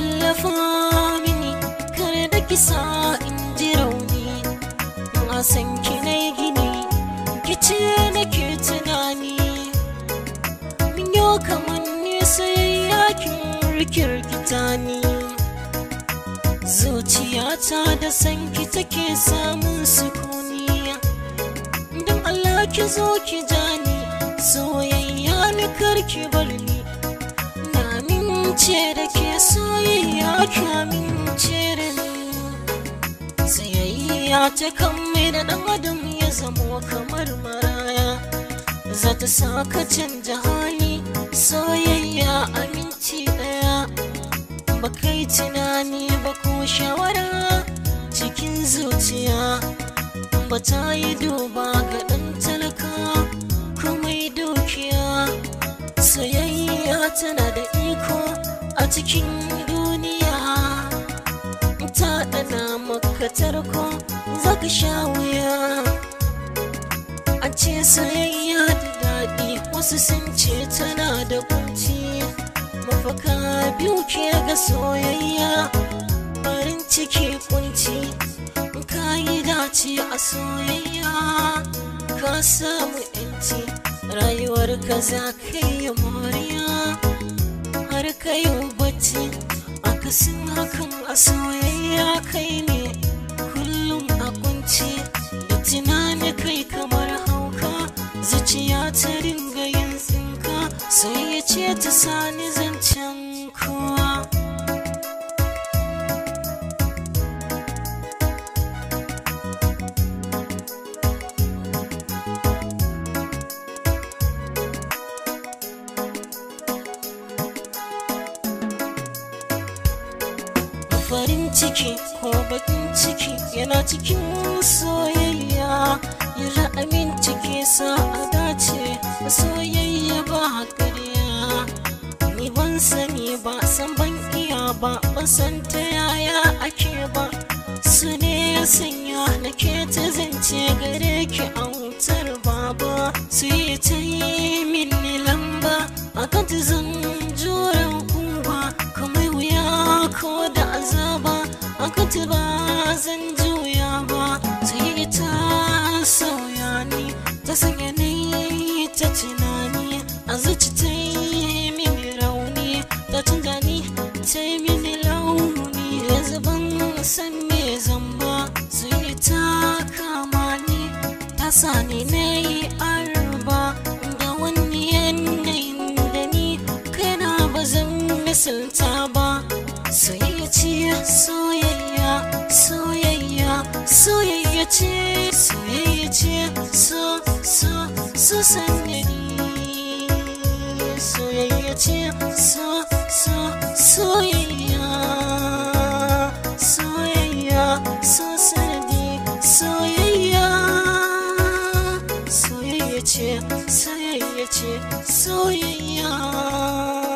tallafa mini kare da kisa in ji rauni na san ki na gini ki ce na ke tunani min yau kamar nesa yakin rikirkita ni zuciyata da sanki take samun sukuni don Allah ki zo ki jani soyayya ni karki bar ni na ce da ke ya ta kan mai da ɗan adam ya zamo kamar maraya za ta sa ka canja hali soyayya aminci ɗaya ba kai tunani ba ko shawara cikin zuciya ba ta yi duba ga ɗan talaka kuma yi dukiya soyayya tana da iko a cikin duniya ta ɗana maka ka tarko za ka sha wuya a ce soyayya da daɗi wasu sun ce tana da kunci mafaka biyu ke ga soyayya farin ciki kunci ka yi dace a soyayya ka samu yanci rayuwar ka za ka yi moriya har ka yi bacci kasin hakan a soyayya kai ta dinga yin tsinka sai ya ce ta sani zancen kowa farin ciki ko bakin ciki yana cikin soyayya yi ba san ban iya ba ban san ta yaya ake ba su ne ya sanya na ke ta zance gare ki a wutar baba su yi ta yi min lamba a ta zan jure hukuma kamar wuya ko da azaba a ta ba zan jure sani na yi arba da wani yanayin da ni kana ba zan misalta ba soyayya ce soyayya soyayya soyayya ce soyayya ce so so so sanadi soyayya ce so so soyayya ce sai ya ce soyayya